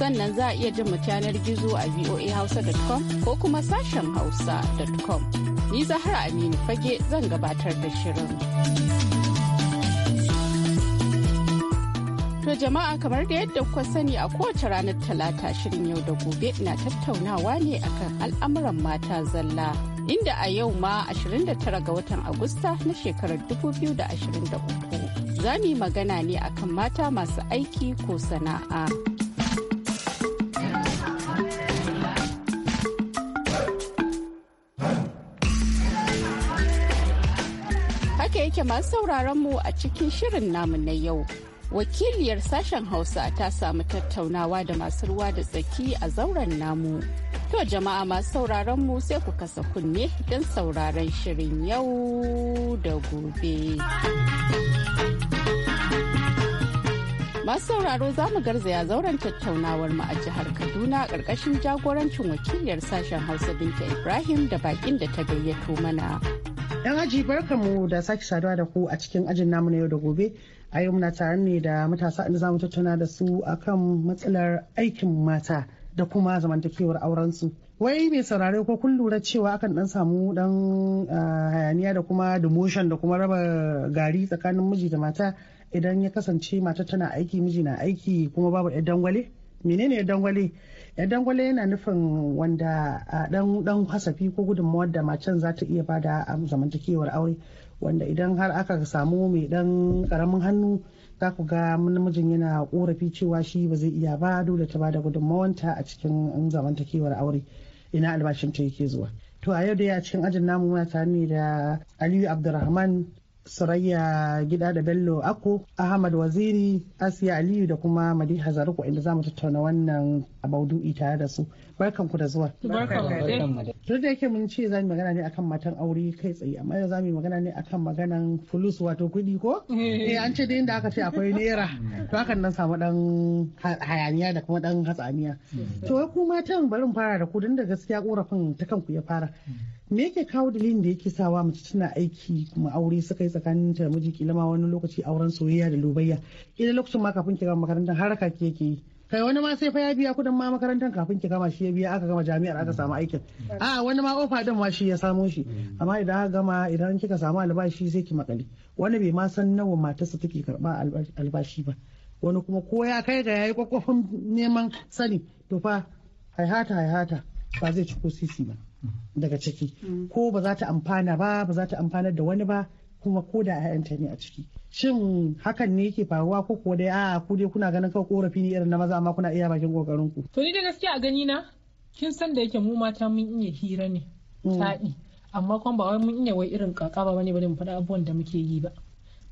sannan za a iya jin yanar gizo a voahausa.com ko kuma sashen hausa.com. Ni Zahra Aminu Fage zan gabatar da shirin. To jama'a kamar da yadda kuka sani a kowace ranar talata shirin yau da gobe na tattaunawa ne akan al'amuran mata zalla. Inda a yau ma 29 ga watan Agusta na shekarar 2023 za mu yi magana ne akan mata masu aiki ko sana'a. sake masu sauraron mu a cikin shirin namu na yau. Wakiliyar sashen Hausa ta samu tattaunawa da masu ruwa da tsaki a zauren namu. To jama'a masu sauraron mu sai ku kasa kunne don sauraron shirin yau da gobe. Masu sauraro za mu garzaya zauren tattaunawar mu a jihar Kaduna ƙarƙashin jagorancin wakiliyar sashen Hausa Binta Ibrahim da bakin da ta gayyato mana. Yan aji barkamu da sake saduwa da ku a cikin ajin namu na yau da gobe. A yau muna tare ne da matasa inda zamu tattauna da su akan matsalar aikin mata da kuma zamantakewar aurensu. Wai mai saurare ko kun lura cewa akan dan samu dan ah, hayaniya da kuma demotion da kuma raba gari tsakanin miji da mata idan ya kasance mata tana aiki miji na aiki kuma babu 'yan dangwale? Menene 'yan dangwale? dangwale yana nufin wanda dan dan hasafi ko gudunmawa da macen za ta iya bada a zamantakewar aure wanda idan har aka samu mai dan karamin hannu za ku ga namijin yana korafi cewa shi ba zai iya ba dole ta bada gudunmawanta a cikin um, zamantakewar aure ina albashin ta yake zuwa to a yau da ya cikin ajin namu muna ne da aliyu abdulrahman Surayya Gida da Bello Ako, Ahmad Waziri, Asiya Aliyu da kuma Madiha Zaruku inda za mu tattauna wannan abaudu tare da su. Barkanku da zuwa. Duk da yake mun ce za mu magana ne akan matan aure kai tsaye amma yau za mu magana ne akan maganan fulus wato kuɗi ko? Eh, eh an ce da inda aka ce akwai naira to hakan nan samu dan hayaniya da kuma dan hatsaniya. Mm. To ku matan bari mu fara da ku dan da gaskiya korafin ta kanku ya fara. Mm. me yake kawo dalilin da yake sawa mace tana aiki kuma aure suka yi tsakanin ta miji kila ma wani lokaci auren soyayya da lobayya kila lokacin ma kafin kira makarantar haraka ke yake yi kai wani ma sai fa ya biya kudin ma makarantar kafin ki gama shi ya biya aka gama jami'ar aka samu aikin mm. a wani ma ofa din ma shi ya samo shi mm. amma idan aka gama idan kika samu albashi sai ki makale wani bai ma san nawa matarsa take karba albashi ba wani kuma ko ya kai ga yayi kwakwafin neman sani to fa haihata haihata ba zai ci ko ba mm-hmm. daga ciki mm. ko ba za ta amfana ba ba za ta amfanar da wani ba kuma ko da ta ne a ciki shin hakan ne yake faruwa ko kuwa dai a ku dai kuna ganin kawai korafi ne irin na maza amma kuna iya bakin kokarin ku to ni da gaskiya a gani na kin san da yake mu mata mun iya hira ne mm. tadi amma kuma ba wai mun iya wai irin kaka ba bane bane mu faɗa abubuwan da muke yi ba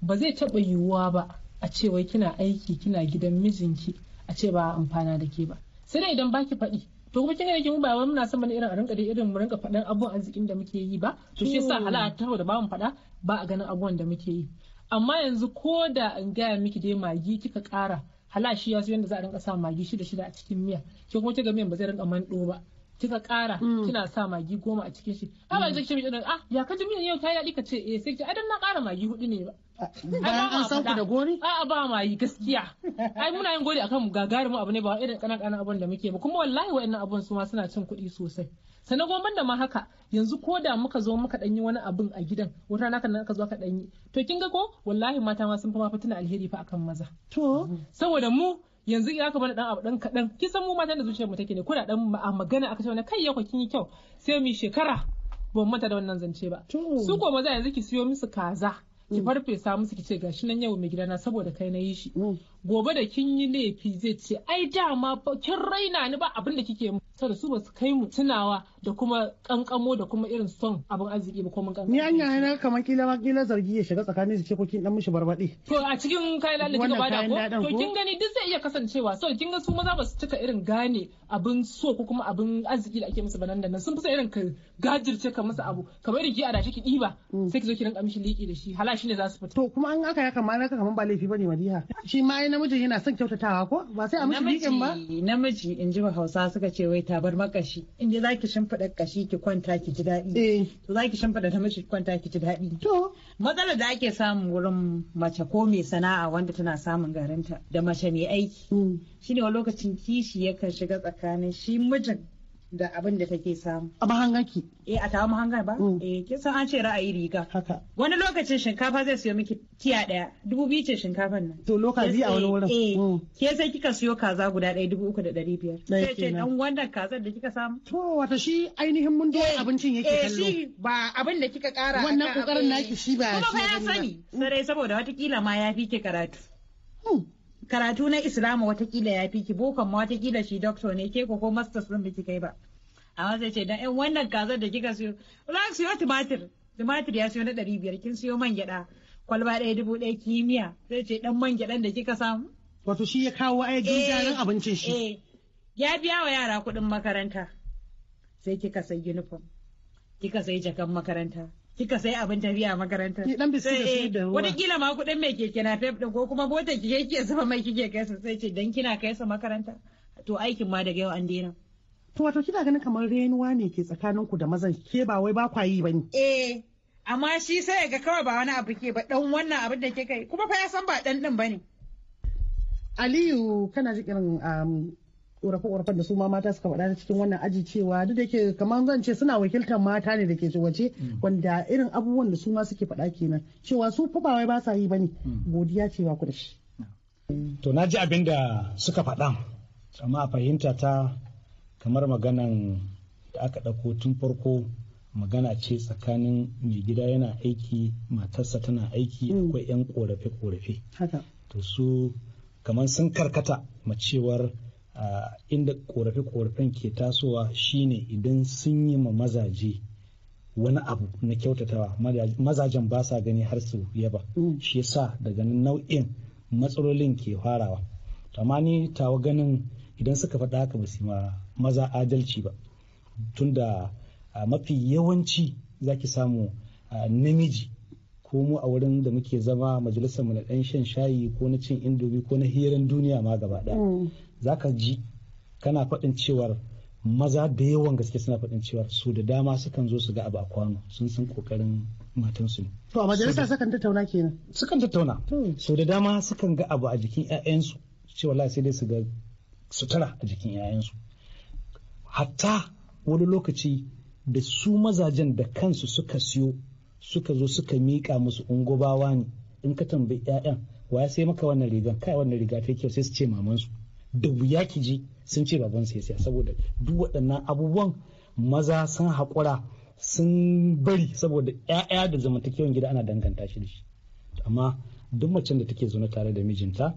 ba zai taba yiwuwa ba a ce wai kina aiki kina gidan mijinki a ce ba amfana da ke ba sai dai idan baki faɗi to kuma yake mu ba muna son bane irin a rinka dai irin mu rinka faɗan abubuwan arzikin da muke yi ba to shi yasa hala ta da ba mu faɗa ba a ganin abubuwan da muke yi amma yanzu ko da an gaya miki dai magi kika kara. hala shi ya yanda za a rinka sa magi shida shida a cikin miya ki kuma kiga miyan ba zai rinka manɗo ba kika kara mm. kina sa magi goma a cikin shi amma yanzu kici mi ah ya kaji miyan yau ta yi daɗi ka ce eh sai ki adan na kara magi hudu ne ba bayan an san ku da gori? A'a ba ma yi gaskiya. Ai muna yin gori akan gagarumin abu ne ba irin kanan abun da muke ba kuma wallahi wa'annan abun su ma suna cin kuɗi sosai. Sannan goma da ma haka yanzu ko da muka zo muka ɗanyi wani abun a gidan wata rana kan aka zo aka ɗanyi. To kin ga ko wallahi mata ma sun fi ma fitina alheri fa akan maza. To saboda mu yanzu ya ka bani dan abu ɗan kaɗan kin san mu mata da zuciyar mu take ne ko da a magana aka ce wani kai yau kin yi kyau sai mu shekara ban mata da wannan zance ba. Su ko maza yanzu ki siyo musu kaza. ki farfesa musu ki ce gashi nan yau mai gidana saboda kai na yi shi mm. gobe da kin yi laifi zai ce ai dama kin raina ni ba abin da kike mu saboda su ba su kai mu tunawa da kuma kankamo da kuma irin son abin arziki ba kuma kankamo. Ni an yi na kamar kila ma kila zargi ya shiga tsakanin su ce ko kin dan mishi barbaɗe. To a cikin kayan lalata kika bada ko to kin gani duk zai iya kasancewa so kin ga su maza ba su cika irin gane abin so ko kuma abin arziki da ake musu banan da nan sun fi irin ka gajirce ka masa abu kamar irin ki a shi ki diba mm. sai ki zo ki rinka mishi liki da shi hala shi ne za su fita. To kuma an aka ya kamar ka kamar ba laifi bane madiha shi ma yana namiji yana son kyautatawa ko ba sai a mishi bikin ba namiji in ji hausa suka ce wai tabar makashi in dai zaki shimfiɗa kashi ki kwanta ki ji daɗi eh. to zaki shimfiɗa namiji ki kwanta ki ji daɗi to matsalar da ake samu wurin mace ko mai sana'a wanda tana samun garinta da mace mai aiki hmm. shine wani lokacin kishi yakan shiga tsakanin shi mijin da abin da take samu. A mahangaki. Eh a tawa mahangar ba? Mm. Eh kin san an ce ra'ayi riga. Haka. Wani lokacin shinkafa zai siyo miki tiya ɗaya, dubu biyu ce shinkafan nan. To lokaci a wani wurin. Eh mm. ke sai kika siyo kaza guda ɗaya dubu uku da ɗari biyar. Sai ce dan wannan kazar da kika samu. To wata shi ainihin mun doya eh, abincin yake eh, kallo. Eh shi ba abin da kika kara. Wannan kokarin naki shi ba. Kuma ba ya sani. Mm. Sarai saboda watakila ma ya fi ke karatu. karatu na islamu watakila ya fi ki bokon ma watakila shi doctor ne ke ko masters din biki kai ba amma zai ce dan yan wannan gazar da kika siyo za ki siyo tumatir tumatir ya siyo na ɗari biyar kin siyo man gyaɗa kwalba ɗaya dubu ɗaya kimiyya zai ce dan man gyadan da kika samu. wato shi ya kawo ai gyaran eh, abincin shi. Eh. ya biya wa yara kuɗin makaranta sai kika sai uniform kika sai jakan makaranta kika sai abin tafiya makaranta. Ki dan bisu da su eh, da ruwa. Wani kila ma kudin mai keke na fef ko kuma bota ki kike zuba mai kike kai sai ce dan kina kai sa makaranta. To aikin ma daga yau an daina. To wato kina ganin kamar renuwa ne ke tsakanin ku da mazan ke ba wai ba kwa yi bane. Eh amma shi sai ga kawai ba wani abu ke ba dan wannan abin da ke Kai kuma fa ya san ba dan din bane. Aliyu kana ji irin um, ƙorafe-ƙorafen da su ma mata suka faɗa cikin wannan aji cewa duk da ke kamar zan ce suna wakiltar mata ne da ke waje mm. wanda irin abubuwan da su ma suke faɗa kenan cewa su fa ba wai ba sa yi bane mm. godiya ce ba ku da shi. To na ji abin da suka faɗa amma a fahimta ta kamar maganan da aka ɗauko tun farko magana ce tsakanin mai gida yana aiki matarsa tana aiki mm. akwai 'yan ƙorafe-ƙorafe. To su kamar sun karkata macewar inda korafe-korafen ke tasowa shine idan sun yi ma mazaje wani abu na kyautatawa mazajen ba sa gani har su yaba shi yasa daga nau'in matsalolin ke farawa amma ni tawa ganin idan suka faɗa haka ba su ma maza adalci ba tunda mafi yawanci zaki samu namiji ko mu a wurin da muke zama majalisar mu na ɗan shan shayi ko na cin indomi ko na hiran duniya ma gaba ɗaya mm. za ka ji kana faɗin cewar maza da yawan gaske suna faɗin cewar su da dama sukan zo su ga abu a kwano sun san kokarin matansu ne. To a majalisa sukan tattauna kenan. Sukan tattauna. So da dama sukan ga abu a jikin 'ya'yansu cewa la sai dai su ga sutura a jikin 'ya'yansu. Hatta wani lokaci da su mazajen da kansu suka siyo suka zo suka miƙa musu ungobawa ne in ka tambayi 'ya'yan wa ya sai maka wannan rigan kai wannan riga ta kyau sai su ce mamansu da wuya ki ji sun ce baban sai siya saboda duk waɗannan abubuwan maza sun haƙura sun bari saboda ƴaƴa da zamantakewan gida ana danganta shi da shi amma duk macen da take zaune tare da mijinta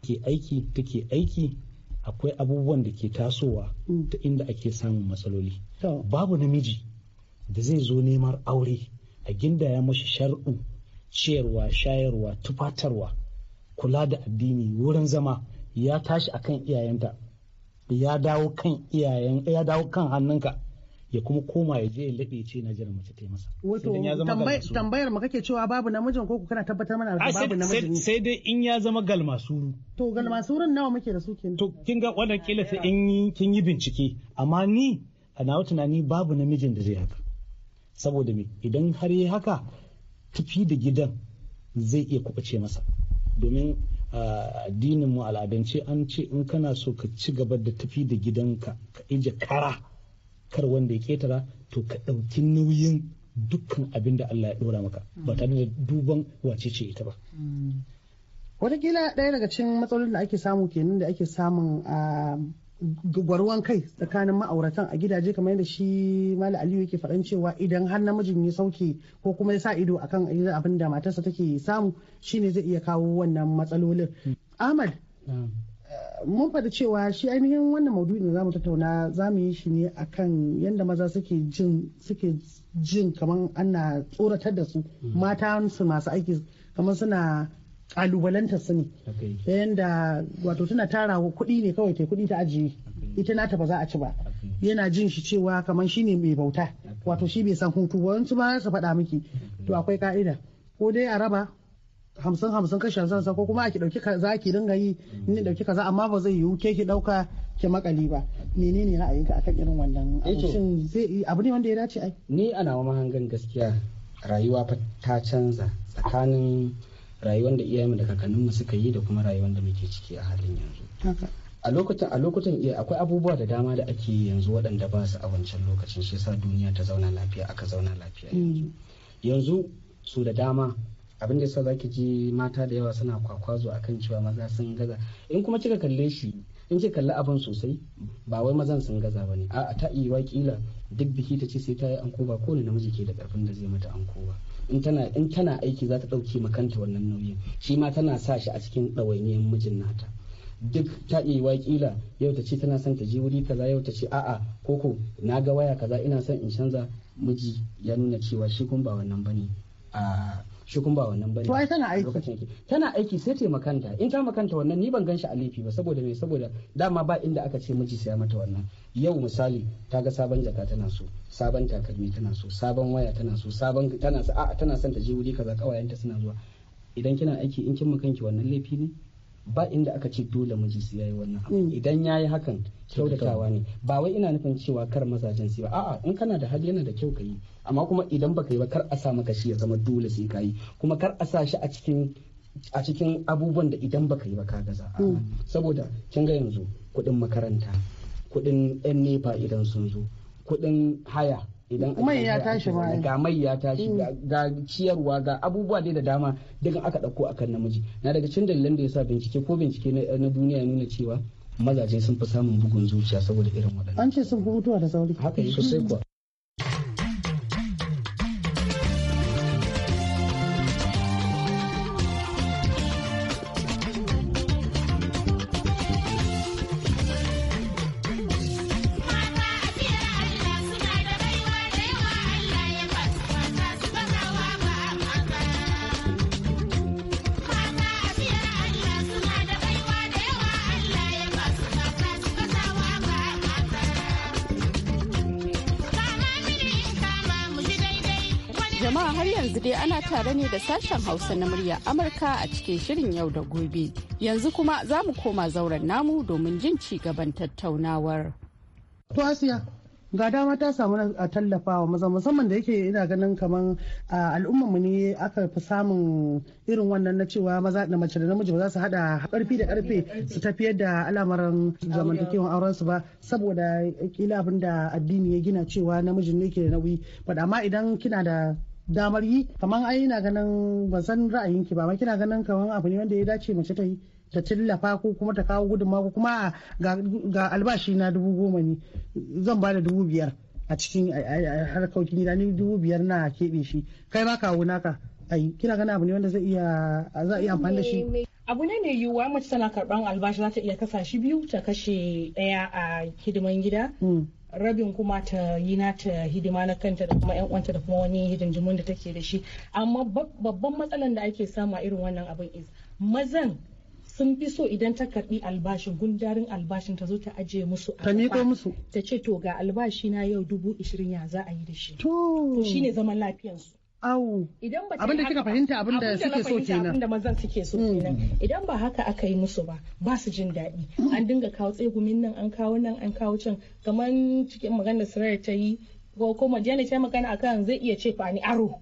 ke aiki take aiki akwai abubuwan da ke tasowa ta inda ake samun matsaloli babu namiji da zai zo neman aure a gindaya mashi shar'u ciyarwa shayarwa tufatarwa kula da addini wurin zama ya tashi kan iyayenta ya dawo kan iyayen ya dawo kan hannunka ya kuma koma ya je ya laɓe ce na jiran mace tai masa. Wato tambayar mu kake cewa babu namijin ko kana tabbatar mana babu namijin. Sai dai in ya zama galmasuru. To galmasurun nawa muke da su ke To kin ga wannan kila sai in kin yi bincike amma ni a nawa tunani babu namijin da zai haka. Saboda me idan har yi haka tafi da gidan zai iya kuɓace masa. Domin addinin mu al'adance an ce in kana so ka ci gaba da tafi da gidanka ka ije kara kar wanda ya ketara to ka ɗauki nauyin dukkan abin da Allah ya ɗora maka ba tare da duban wace ce ita ba. Mm. Wataƙila ɗaya daga cikin matsalolin da ake samu kenan da ake samun ah, gwarwan kai tsakanin ma'auratan a gidaje kamar yadda shi mali aliyu yake faɗan cewa idan har namijin ya sauke ko kuma ya sa ido akan abin da matarsa take samu shine zai iya kawo wannan matsalolin ahmad mun faɗi cewa shi ainihin wannan maudu'in da zamu tattauna zamu yi shi ne akan yadda maza suke jin suke kamar ana tsoratar da su mm. mata su masu aiki kamar suna kalubalantar sun ne ta yadda wato tana tara kuɗi ne kawai ta kuɗi ta ajiye ita nata ba za a ci ba yana jin shi cewa kamar shi ne mai bauta wato shi bai san hutu ba wani ba su faɗa miki to akwai ka'ida ko dai a raba hamsin hamsin kashi hamsin ko kuma a ki ɗauki kaza ki dinga yi mm. ni ɗauki kaza amma ba zai yiwu ke ki ɗauka ki makali ba menene ra'ayinka akan irin wannan eh shin zai abu ne wanda ya dace ai ni ana mahangan gaskiya rayuwa ta canza tsakanin rayuwar da iyayenmu da kakanninmu suka yi da kuma rayuwar da muke ciki a halin yanzu a lokutan a lokutan iya eh, akwai abubuwa da dama da ake yanzu waɗanda ba su a wancan lokacin shi yasa duniya ta zauna lafiya aka zauna lafiya mm. yanzu su da dama abin da yasa ki ji mata da yawa suna kwakwazo a kan cewa maza sun gaza in kuma kika kalle shi in kika kalli abin sosai ba wai mazan sun gaza bane a'a ta iya kila duk biki ta ce sai ta yi anko ba kowane namiji ke da karfin da zai mata anko ba in tana aiki za ta dauke makanta wannan nauyin shi ma tana sa shi a cikin dawainiyar mijin nata duk ta iya wa yau ta ce tana son ta je wuri kaza yau ta ce a'a koko na ga waya kaza ina son in canza miji ya nuna cewa shi kun ba wannan bane a shi kuma ba wannan bane to ai tana aiki tana aiki sai ta makanta in ta makanta wannan ni ban ganshi a laifi ba saboda me saboda dama ba inda aka ce miji sai mata wannan yau misali ta ga sabon jaka tana so sabon takalmi tana so sabon waya tana so sabon tana a'a tana son ta je wuri kaza kawayenta suna zuwa idan kina aiki in kin makanki wannan laifi ne ba inda aka ce dole miji su yayi wannan abu mm. idan yayi hakan kyautatawa ne ba wai ina nufin cewa kar mazajen su ba a'a in kana da hali yana da kyau ka yi amma kuma idan baka yi ba kar a sa maka shi ya zama dole sai ka yi kuma kar a sa shi a cikin a cikin abubuwan da idan baka yi ba ka gaza mm. saboda kin ga yanzu kuɗin makaranta kuɗin yan nepa idan sun zo kuɗin haya idan mai ya tashi ba ga mai ya tashi mm. ga ciyarwa ga abubuwa dai da dama daga aka dauko akan namiji na daga cikin dalilan da yasa bincike ko bincike na duniya ya nuna cewa mazaje sun fi samun bugun zuciya saboda irin waɗannan an ce sun fi mutuwa da sauri haka yi sosai kuwa da sashen Hausa na murya Amurka a cikin shirin yau da gobe. Yanzu kuma za mu koma zauren namu domin jin ci gaban tattaunawar. To Asiya, ga dama ta samu a tallafa wa maza musamman da yake ina ganin kamar al'ummar mu ne aka fi samun irin wannan na cewa maza da mace da namiji ba za su hada karfi da karfe su tafiyar da alamaran zamantakewan auren su ba saboda kila abin da addini ya gina cewa namijin ne ke da nauyi amma idan kina da damar yi kamar ai ina ganin ban san ra'ayin ki ba amma kina ganin kamar abu ne wanda ya dace mace ta yi ta tallafa ko kuma ta kawo gudunmawa ko kuma ga albashi na dubu goma ne zan ba da dubu biyar a cikin harkokin gida ni dubu biyar na keɓe shi kai ma kawo naka ai kina ganin abu ne wanda zai iya za iya amfani da shi abu ne mai yiwuwa mace tana karban albashi za ta iya kasa shi biyu ta kashe ɗaya a hidiman gida hmm. rabin kuma ta yi na ta hidima na kanta da kuma yan uwanta da kuma wani hidindimun da take da shi amma babban matsalan da ake samu a irin wannan abin is mazan sun fi so idan ta karbi albashin gundarin albashin ta zo ta ajiye musu ta miƙo musu ta ce to ga albashi na yau dubu ishirin ya za a yi da shi to shine zaman su. Awo, abinda kika fahimta abinda suke so kenan. Abinda mazan suke so hmm. kenan. Idan ba haka aka yi musu ba ba su jin daɗi. An dinga kawo tsegumin nan an kawo nan an kawo can kamar cikin maganar sirar ta yi ko ko Madiyana ta magana akan zai iya ce fa ni aro.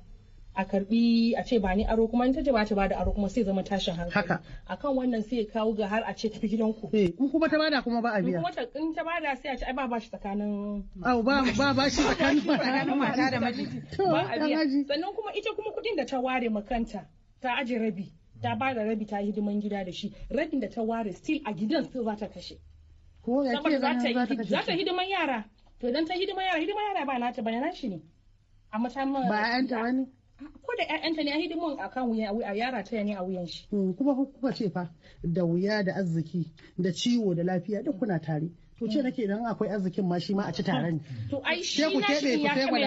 a karbi a ce ba ni aro kuma in ta ce ba ta bada aro kuma sai zama tashin hankali haka akan wannan sai ya kawo ga har a ce ta gidan ku eh in kuma ta bada kuma ba a biya kuma in ta bada sai a ce ai ba bashi tsakanin au ba ba bashi tsakanin mata da miji ba a biya sannan kuma ita kuma kudin da ta ware makanta ta aje rabi ta bada rabi ta hidiman gida da shi rabin da ta ware still a gidan sai za ta kashe ko ya ce za ta ta Za hidiman yara to idan ta hidiman yara hidiman yara ba nata ta na shi ne a mata ba yanta wani ko da ƴaƴanta ne a hidimin a kan wuya a yara ta ne a wuyan shi. Mm, kuma kuka ce fa da wuya da arziki da ciwo da lafiya duk kuna tare. To ce nake idan akwai arzikin ma shi ma a ci tare ne. To ai shi na shi ya kame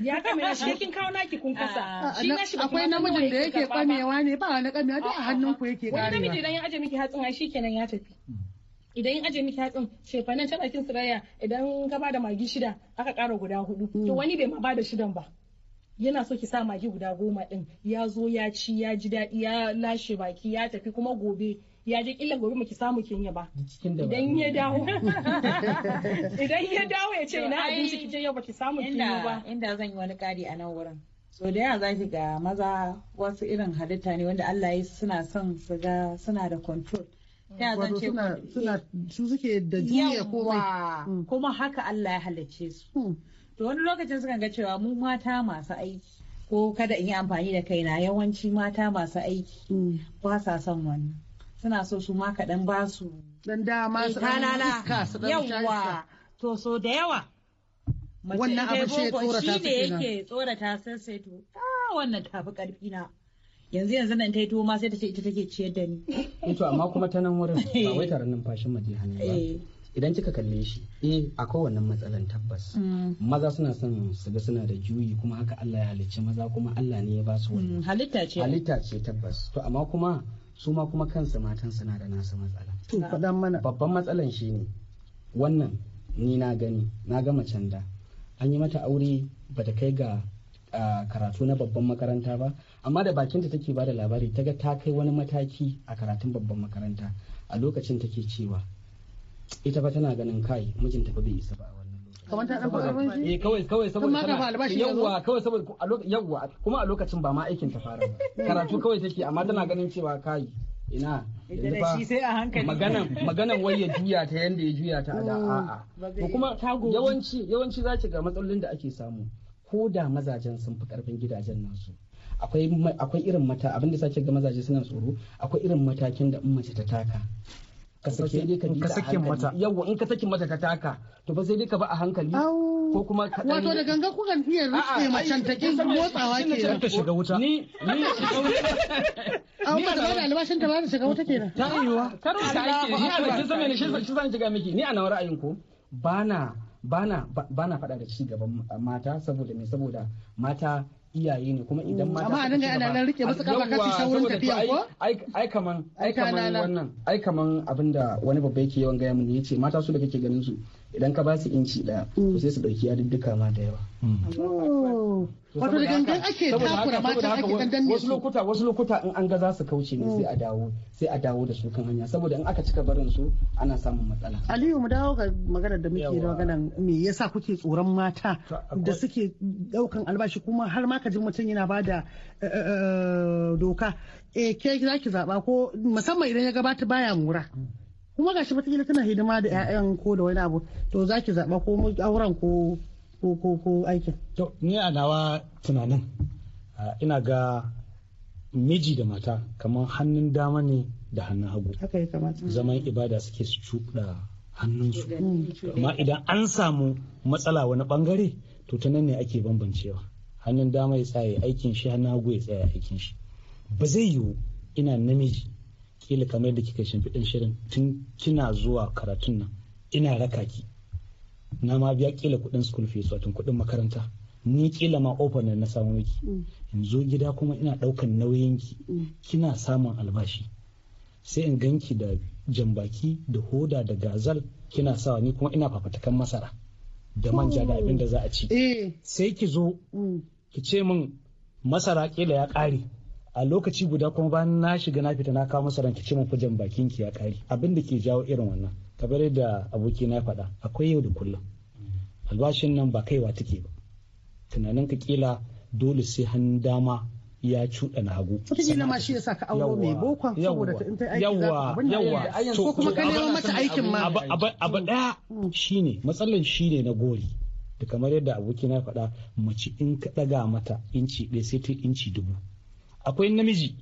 ya kame na shi kin kawo naki kun kasa. Shi na shi akwai namijin da yake kamewa ne ba wani kamewa duk a hannun ku yake karewa. Wani namiji idan ya aje miki hatsin ai shikenan ya tafi. idan in aje miki hatsin shefanan ta bakin siraya idan ka bada magi shida aka kara guda hudu to mm. wani bai ma bada shidan ba yana so ki sa magi guda goma din ya zo ya ci ya ji daɗi ya lashe baki ya tafi kuma gobe ya je illa gobe ki samu kin ba idan ya dawo idan ya dawo ya ce ina abinci ki je yau baki samu kin ba inda zan yi wani kari a nan wurin so da yawa zaki ga maza wasu irin halitta ne wanda Allah ya suna son su ga suna da control su suke da duniya mm. kuma haka Allah ya halicce su mm. to wani lokacin sukan ga cewa mu mata masu aiki ko kada in yi amfani da kaina yawanci mata masu aiki mm. ba sa son wannan suna so su ma kaɗan ba su dan dama su dan iska su dan yawa to so da yawa wannan abu shi ya tsorata su kenan yake tsorata sai sai to ah wannan tafi karfi na yanzu yanzu nan ta yi tuwo ma sai ta ce ita take ciyar da ni eh to amma kuma ta nan wurin ba wai taron numfashin mace hannu ba eh. idan kika kalle shi eh akwai wannan matsalan tabbas mm. maza suna son su ga suna da juyi kuma haka Allah ya halicci maza kuma Allah ne ya ba su wannan mm, halitta ce halitta ce tabbas to amma kuma su ma kuma kansu matan suna da nasu matsala to fadan mana babban matsalan shine wannan ni na gani na ga macen da an yi mata aure bata kai ga karatu na babban makaranta ba amma da bakinta take ba da labari ta ga ta kai wani mataki a karatun babban makaranta a lokacin take cewa ita fa tana ganin kai mijinta fa bai isa ba eh, kawai kawai yawwa kuma a lokacin ba ma aikin ta fara karatu kawai take amma tana ganin cewa kai ina maganan maganan wai ya juya ta yanda ya juya ta a da hmm, a'a kuma yawanci yawanci zaki ga matsalolin da ake samu ko da mazajen sun fi karfin gidajen nasu akwai irin mata abinda sake ga mazaje suna tsoro akwai irin matakin da in mace ta taka ka sake dai ka bi ka sakin mata in ka sakin mata ka taka to ba sai dai ka ba a hankali ko kuma ka wato da ganga ku kan fiye rufe macen ta kin motsawa ke Ni ta shiga wuta ni ni ta ba da ba da albashin ta ba da shiga wuta kenan ta yiwa kar ka ake ni a kin san me shi shi zan shiga miki ni a nan ra'ayin ko bana bana bana fada da ci gaban mata saboda me saboda mata iyaye ne kuma idan mata amma ga ana nan rike musu kafa kasu saurin tafiya ko ai kaman ai kaman wannan ai kaman abinda wani babba yake yawan gaya mun yace mata su da kake ganin su idan ka ba su inci ɗaya mm. sai su ɗauki yadudduka ma da yawa. Mm. Oh. Wato da gangan ake takura mata ake gangan wasu lokuta wasu lokuta in an ga za su kauce ne sai a mm. dawo sai a dawo da su kan hanya saboda in aka cika barin su ana samun matsala. Aliyu mu dawo ga maganar da muke da maganar me yasa kuke tsoron mata da suke daukan albashi kuma har ma ka ji mutum yana bada eh, eh, eh, doka eh ke zaki zaba ko musamman idan ya gabata baya mura. kuma gashi wataƙila tana hidima da 'ya'yan ko da wani abu to za ki zaɓa ko auren ko ko aikin. to ni a nawa tunanin ina ga miji da mata kamar hannun dama ne da hannun hagu zaman ibada suke su cuɗa hannunsu amma idan an samu matsala wani bangare to ta nan ne ake bambancewa hannun dama ya tsaya aikin shi hannun hagu ya tsaya aikin shi ba zai yiwu ina namiji kila kamar da kika shimfiɗin shirin tun kina zuwa karatun nan ina raka ki na ma biya kila kuɗin school fees wato kuɗin makaranta ni kila ma offer na samu miki mm. in zo gida kuma ina ɗaukan nauyin ki mm. kina samun albashi sai in ganki da jambaki da hoda da gazal kina sawa ni kuma ina fafatakan masara da manja da abin da za a ci oh. eh. sai ki zo mm. ki ce min masara kila ya ƙare a lokaci guda kuma bayan na shiga na fita na kawo masa ranki ce mun fujan bakin ki ya kare abin da ke jawo irin wannan kamar yadda aboki na faɗa akwai yau da kullum albashin nan ba kaiwa take ba tunanin ka kila dole sai hannun dama ya cuɗa na hagu. na ma shi ya ka auro mai bokon saboda ta in ta aiki za ko kuma ka nemi mata aikin ma. Abu ɗaya mm. shi ne matsalan shi na gori. Da kamar yadda abokina ya faɗa mace in ka ɗaga mata inci ɗaya sai ta inci dubu. akwai namiji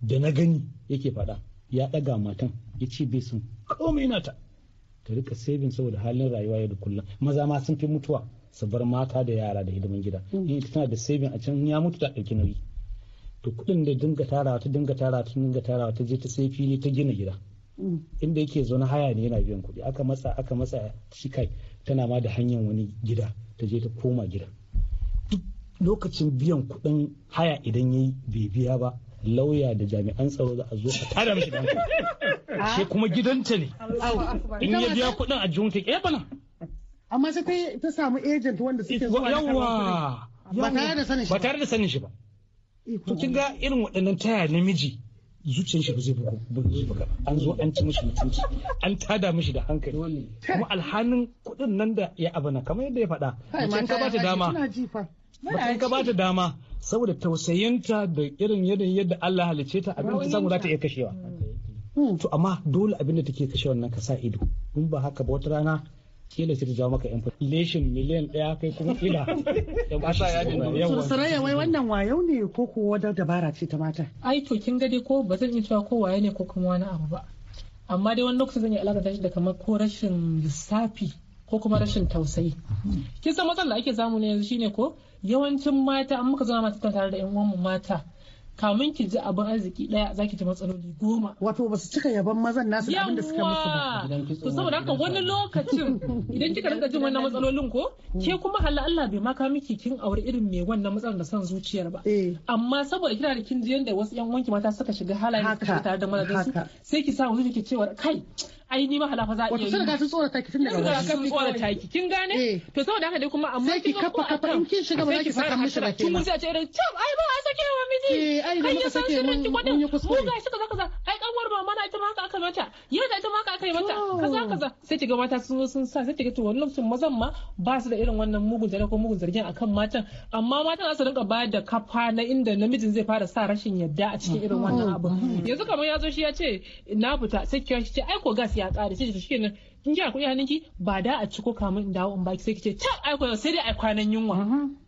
da na gani yake faɗa ya ɗaga matan ya ce bai sun komai nata ta rika sebin saboda halin rayuwa yau da kullum maza ma sun fi mutuwa su bar mata da yara da hidiman gida mm. in tana da sebin a can ya mutu ta ɗauki nauyi to kuɗin da dinga tarawa ta dinga tarawa ta dinga tarawa ta je ta sai fili ta gina gida mm. inda yake zo na haya ne yana biyan kuɗi aka matsa aka matsa shi kai tana ma da hanyar wani gida ta je ta koma gida lokacin biyan kuɗin haya idan ya yi bai biya ba lauya da jami'an tsaro za a zo a tada mishi da ah. shi kuma gidanta ne in ya biya kuɗin a junta ke eh bana. amma sai ta samu agent wanda suke zuwa yawa ba tare da sanin shi ba tare da sanin shi ba to kin ga irin waɗannan taya namiji zuciyar shi ba zai buga an zo an ci mishi mutunci an tada mishi da hankali kuma alhanin kuɗin nan da ya abana kamar yadda ya faɗa mutum ka ba ta dama Bakan ka ba ta dama saboda tausayinta da irin yanayin yadda Allah halice ta abin da samu za ta iya kashewa. Mm. To amma dole abin da take kashe wannan ka sa ido. In ba haka ba wata rana kila sai ta jawo maka yan inflation miliyan ɗaya kai kuma kila da ba sa Saraya wai wannan wayau ne ko ko wadar dabara ce ta mata. Ai to kin gade ko ba zan iya cewa ko waye ne ko kuma wani abu ba. Amma dai wani lokacin zan yi alaƙa shi da kamar ko rashin lissafi. ko kuma rashin tausayi kin san matsalar da ake samu ne yanzu shine ko yawancin mata an muka zama mata tare da yan uwanmu mata kamun ki ji abin arziki daya zaki ta matsaloli goma wato ba su cika yaban mazan nasu abin da suka musu ba to saboda haka wani lokacin idan kika rinka jin wannan matsalolin ko ke kuma halla Allah bai maka miki kin aure irin mai wannan matsalar da san zuciyar ba eh. amma saboda kina da kin ji yanda wasu yan wanki mata suka shiga halayen da suka tare da mazan su sai ki sa wani ki cewa kai ai ni ma fa za a iya yi. Wato sun riga sun tsora taki tun daga wani. Sun tsora taki kin gane? Eh. To saboda haka dai kuma amma kin ga kafa kafa in kin shiga ba za ki saka mishi baki. Kin mun sai a ce irin tab ai ba a sake wa miji. Eh, ai da muka sake mun mun yi kuskure mu gashi kaza kaza ai kanwar mama na ita ma haka aka mata yau da ita ma haka aka yi mata kaza kaza sai kiga mata sun sun sa sai kiga to wani lokacin mazan ma ba su da irin wannan mugun zargi ko mugun zargin akan matan amma matan za su rinka bayar da kafa na inda namijin zai fara sa rashin yadda a cikin irin wannan abu mm-hmm. yanzu kamar ya zo shi ya ce na fita sai kiga shi ce ai ko gas ya kare sai shi kenan in ji kuɗi hannunki ba da a ciko kamun in dawo in baki sai ki ce ta ai ko sai dai ai kwanan yunwa mm-hmm.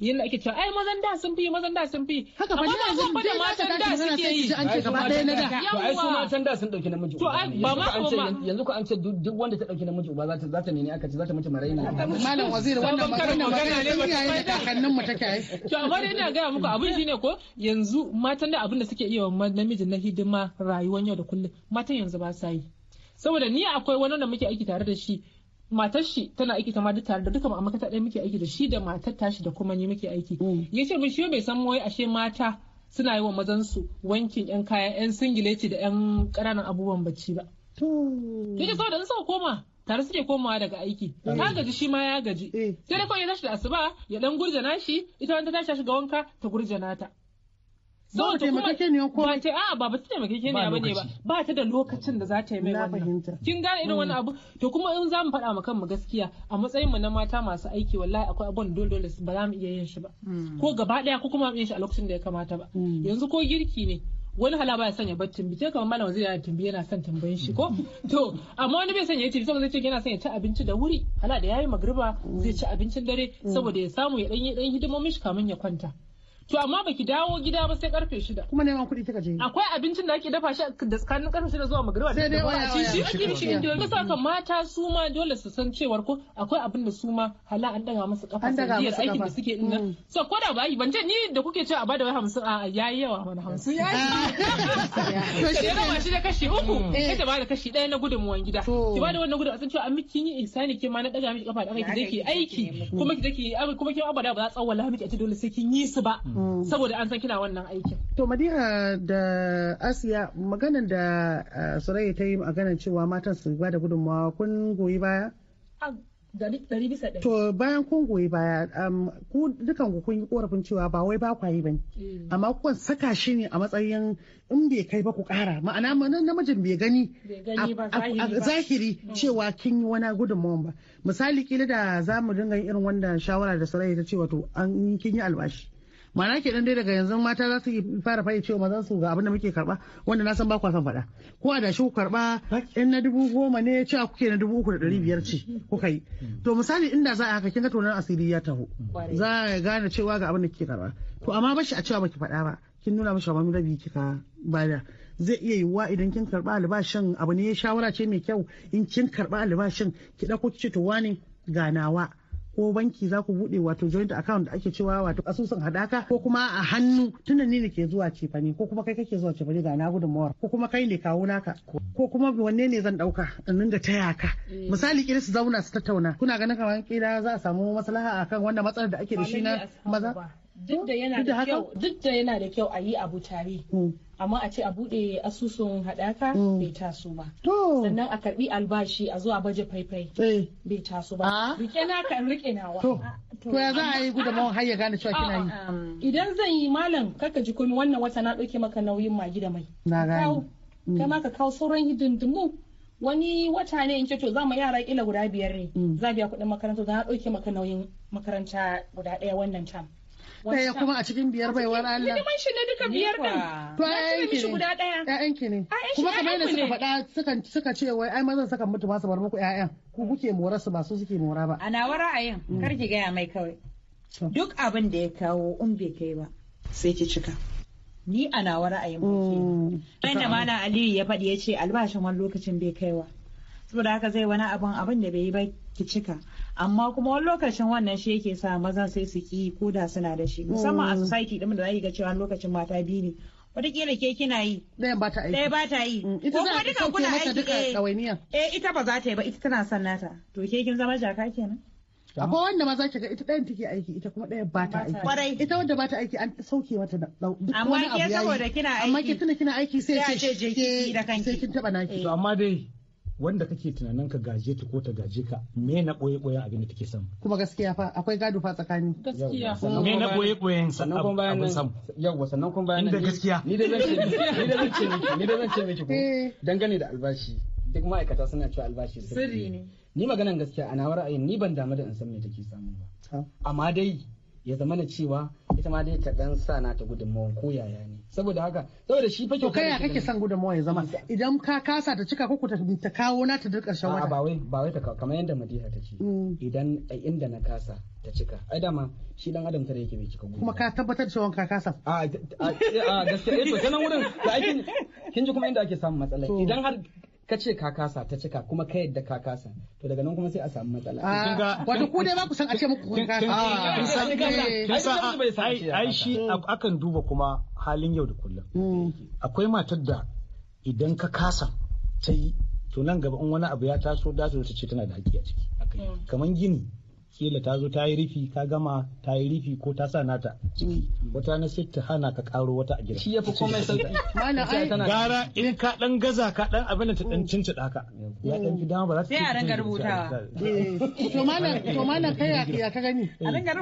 yadda ake cewa ai mazan da sun fi mazan da sun fi haka ba da sun fada matan da suke yi an ce gaba ɗaya na da to ai su matan da sun dauki namiji to ai ba ma ko ba yanzu ko an ce duk wanda ta dauki namiji uba za ta za ta nene aka ce za ta mace maraina malam wazir wannan magana magana ne ba ta da kannin mu take yi to amma dai ina ga muku abin shine ko yanzu matan da abin da suke iya wa namiji na hidima rayuwar yau da kullum matan yanzu ba sa yi saboda ni akwai wani da muke aiki tare da shi matar shi tana aiki da tare da duka amma ta ɗaya muke aiki da shi da matar tashi da kuma ni muke aiki mm. ya ce mun shi bai san mawai ashe mata suna yi wa su wankin yan kaya yan singileti da yan ƙananan abubuwan bacci ba ya ce saboda in suka koma tare suke komawa daga aiki mm. ta gaji shi ma ya gaji eh. sai da kawai ya tashi da asuba ya dan gurjana shi ita wani ta tashi ga wanka ta gurjana ta ba ta kuma ba ta a ba ba ta taimakekeniya ba ne ba ba ta da lokacin da za ta yi mai wannan kin gane irin wani hmm. abu to kuma in zamu mu faɗa ma kanmu gaskiya a matsayin mu na mata masu aiki wallahi akwai abun dole dole ba za mu iya yin shi ba hmm. ko gaba daya ko kuma mu yin shi a lokacin da ya kamata ba hmm. yanzu ko girki ne wani hala baya sanya ya bar tumbi sai kamar malam zai yana tumbi yana son tumbayin shi ko to amma wani bai son ya tumbi saboda zai ce yana son ya ci abinci da wuri hala da yayi magriba zai ci abincin dare saboda ya samu ya dan yi dan hidimomin shi kamin ya kwanta to amma baki dawo gida ba sai karfe shida kuma neman kuɗi kika je akwai abincin da ake dafa shi da tsakanin karfe shida zuwa magariba sai dai wani ci shi ake shi inda wani saka mata su ma dole su san cewar ko akwai abin da su ma hala an daga masa kafa sai aikin da suke din nan mm. so ko da ba yi ban ce ni da kuke cewa a bada wai 50 a yayi yawa mana 50 yayi to shi ne ba shi da kashi uku mm. sai ta bada kashi ɗaya na gudunmuwan gida ki bada wannan gudun a san cewa an miki yin ihsani ke ma na daga miki kafa da kai ki je ki aiki kuma ki je ki kuma ki abada ba za a tsawwala miki a ce dole sai kin yi su ba mm. Mm. saboda an san kina wannan aikin to madina da asiya maganan da uh, suraya ta yi maganan cewa matan su ba da gudunmawa kun goyi baya To bayan kun goyi baya um, ku dukan ku kun yi korafin cewa ba wai ba kwa yi bane mm. amma kun saka shi ne a matsayin in bai kai ba ku kara ma'ana namijin bai gani a zahiri mm. cewa kin yi wani gudunmawa ba misali kila da za mu dinga irin wanda shawara da sarai ta ce wato an kin yi albashi ma'ana ke dan dai daga yanzu mata za su fara fayi cewa maza su ga abinda da muke karba wanda na san ba kwa san faɗa ko a dashi ku karba in na dubu goma ne cewa kuke na dubu uku da ɗari biyar ce ku kai to misali inda za a haka kin ga tonan asiri ya taho za a gane cewa ga abin da kike karba to amma bashi a cewa baki faɗa ba kin nuna wa wani rabi kika bada zai iya yiwuwa idan kin karba albashin abu ne shawara ce mai kyau in kin karba albashin ki dauko ki ce to wani nawa ko banki za ku buɗe wato joint account da ake cewa wato asusun hadaka ko kuma a hannu tunani ne ke zuwa cefane ko kuma kai kake zuwa cefane ga na gudunmawar ko kuma kai ne kawo naka ko kuma wanne ne zan ɗauka in ringa taya ka eh. misali kila su zauna su tattauna kuna ganin kamar kila za a samu maslaha akan wannan matsalar da ake da shi na maza duk da yana da kyau duk da yana da kyau a yi abu tare hmm. amma a ce a bude asusun hadaka hmm. bai taso ba sannan a karbi albashi a zuwa baje faifai eh. bai taso ba ah. rike na kan rike nawa to ah, ya za a yi gudu har ya gane cewa kina yi idan zan yi malam kaka ji komai wannan wata na ɗauke maka nauyin magi da mai na hmm. kai ma ka kawo sauran hidindimu wani wata ne in ce to zamu yara kila guda biyar ne za biya kuɗin makaranta za a ɗauke maka nauyin makaranta guda ɗaya wannan tam Ɗaya kuma a cikin biyar wani Allah. Ni shi ne duka biyar din. To ƴaƴan ki ne. Ya'yanki ki ne. Kuma kamar yadda suka faɗa suka ce wai ai mazan sukan mutu ba su bar muku ƴaƴan. Ku kuke mora su ba su suke mora ba. A nawa ra'ayin mm. kar ki gaya mai kawai. Duk abin da ya kawo in bai kai ba sai ki cika. Ni a nawa ra'ayin ba ke. Wanda mm. mana Aliyu ya faɗi ya ce albashin wani lokacin bai kaiwa. Saboda haka zai wani abin abin da bai yi ba ki cika. amma kuma wani lokacin wannan shi yake sa maza sai su ki ko da suna da shi musamman a mm. society din da zai ga cewa lokacin mata biyu ne wataƙila ke kina yi ɗaya ba ta aiki ɗaya ba ta yi mm. ko kuma dukan kuna aiki eh. eh ita ba za ta yi ba ita tana son nata to ke kin zama jaka kenan akwai wanda ma za ki ga ita ɗayan take aiki ita kuma ɗayan ba ta aiki kwarai ita wanda ba ta aiki an sauke mata da duk wani abu amma ke saboda kina aiki amma ke tuna kina aiki sai ce je ki da kanki sai kin taɓa naki to amma dai wanda kake tunanin ka gaje ta ko ta gaje ka me na boye boyen abin da take samu kuma gaskiya fa akwai gado fa tsakani gaskiya me na boye boyen sannan kuma bayan samu yawa sannan kun bayan inda gaskiya ni da zan ce ni da zan ce ni da zan ce miki ko eh. dangane da albashi duk ma'aikata suna cewa albashi sirri ne ni maganan gaskiya a nawa ra'ayin ni ban damu da in san me take samu ba amma dai ya zama na cewa ita ma dai ta dan sa na ta gudunmawa ko yaya ne saboda haka saboda shi fake kai ya kake san gudun ya zama idan ka kasa ta cika ko ta kawo na ta duk shawara wata ba wai ba wai ta kamar yadda madiha ta ce mm. idan a inda na kasa ta cika ai dama shi dan adam tare yake bai cika kuma ka tabbatar cewa ka kasa a a gaskiya eh to sanan wurin da aikin kin ji kuma inda ake samun matsala idan har ka ce ka kasa ta cika kuma ka yadda ka kasa to daga nan kuma sai a samu matsala ah, wato ku dai ba ku san a ce muku kun kasa ah. san ai shi akan duba kuma halin yau da kullum hmm. akwai matar da idan ka kasa ta yi to nan gaba in wani abu ya taso da ta ce tana da haƙƙi a ciki kamar gini kila ta zo ta yi rufi ka gama ta yi rufi ko ta sa nata wata na sai ta hana ka karo wata a gida shi yafi komai sauki mana ai gara in ka dan gaza ka dan abin da ta dan cinci daka ya dan fi dama ba za ta sai a ranga rubutawa eh. to mana to mana kai ya ka gani eh. a ranga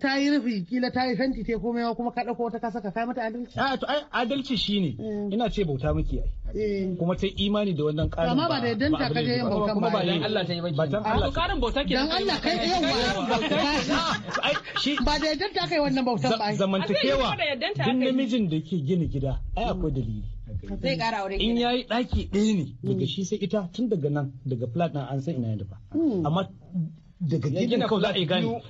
ta yi rufi kila ta yi fanti te komai kuma ka dauko wata ka saka kai mata adalci a to ai adalci shine eh. ina ce bauta muke ai Eh. kuma ta imani da wannan ƙarin ba ba da dan ta kaje yin bautan ba dan Allah ta yi ba dan Allah karin bauta ke dan Allah kai yawa ba da dan ta kai wannan bautan ba zamantakewa duk namijin da ke gina gida ai akwai mm. dalili zai kara aure in yayi daki ɗaya ne mm. daga shi sai ita tun daga nan daga flat na an san ina ya dafa mm. amma daga gidan kawai za a yi gane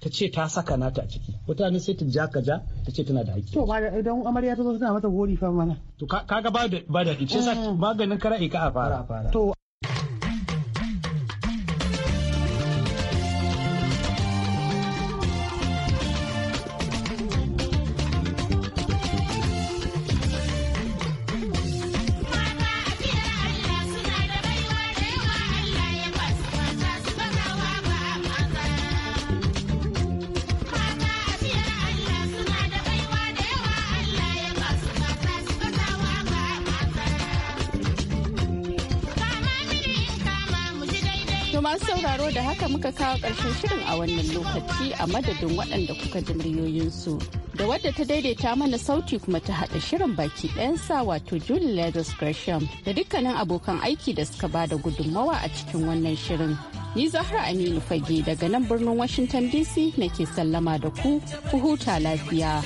ta ce ta saka nata a ciki mutane sai ta ja ka ja ta ce tana da haƙƙi to da idan amarya ta zo tana mata gori fa mana to kaga ba da ba da ce mm. maganin kara ka a fara to masu sauraro da haka muka kawo ƙarshen shirin a wannan lokaci a madadin waɗanda kuka ji muryoyinsu. Da wadda ta daidaita mana sauti kuma ta haɗa shirin baki ɗayansa wato Julie legas Gresham da dukkanin abokan aiki da suka ba da gudunmawa a cikin wannan shirin. Ni Zahra Aminu Fage daga nan birnin Washington DC nake sallama da ku, ku huta lafiya.